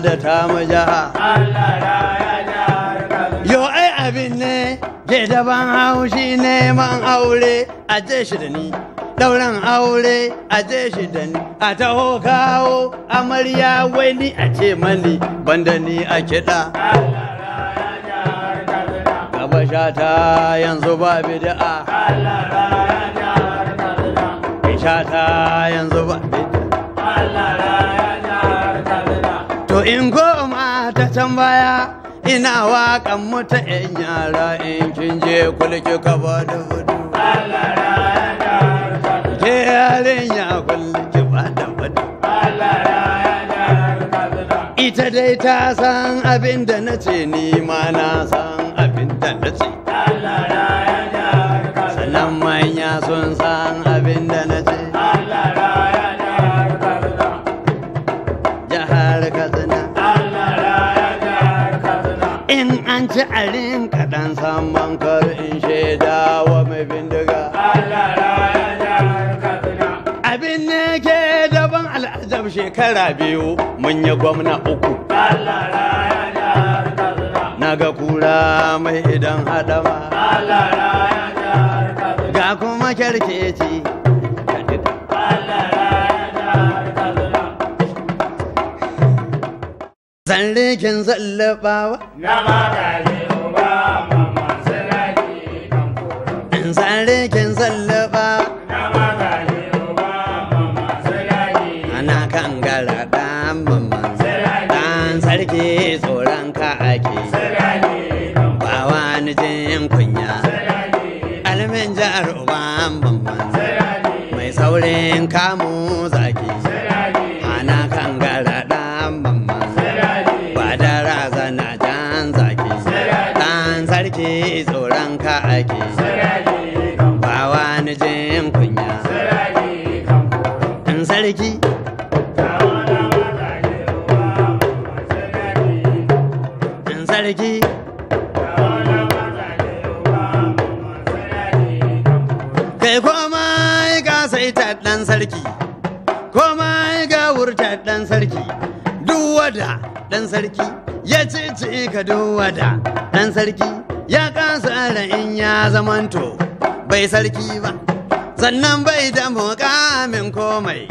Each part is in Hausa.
da ta maja. Yo ai abin ne ke daban haushi neman aure a je shi da ni. Dauran aure a je shi da ni. A taho kawo amarya wai ni a ce mani banda ni a kiɗa. Gaba shata yanzu ba bid'a. Shata yanzu ba bid'a. To in goma ta can baya ina waƙan mutu in yara in kin je kulki ka bada budu. Ke yarin ya kulki bada budu. Ita dai ta san abin da na ce ni ma na san abin da na ce. ci a rinka dan saman kar in shaida wa mai bindiga. Abin ne ke daban al'ajab shekara biyu mun yi gwamna uku. Na ga kura mai idan hadama. Ga kuma kyarkeci. Zallikin zallabawa. Na baka ba mama zalaki kan zan Zallikin zallabawa. Na baka ba mama zalaki. Ana kan gara mama zalaki. Dan sarki tsoran ka ake. Zalaki kan Ba wani jin kunya. Zalaki. Almin jihar uba mama Zalaki. Mai saurin kamu zaki. Zalaki. sarki tsoron ka ake ba wani jin kunya in sarki kai koma kai komai ka sai ɗan sarki yi ga wurta ɗan sarki duwada ɗan sarki ya ce ce ka duwada ɗan sarki ya kansa da in ya zamanto bai sarki ba sannan bai da mukamin komai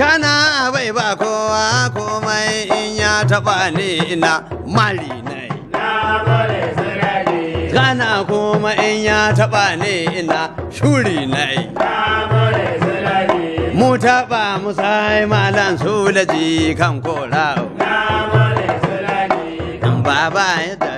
kana bai ba kowa komai in ya taba ni ina mali nai kana kuma in ya taba ni ina shuri nai mu taba musai malan sulaji kan korau baba yadda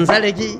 nzalegi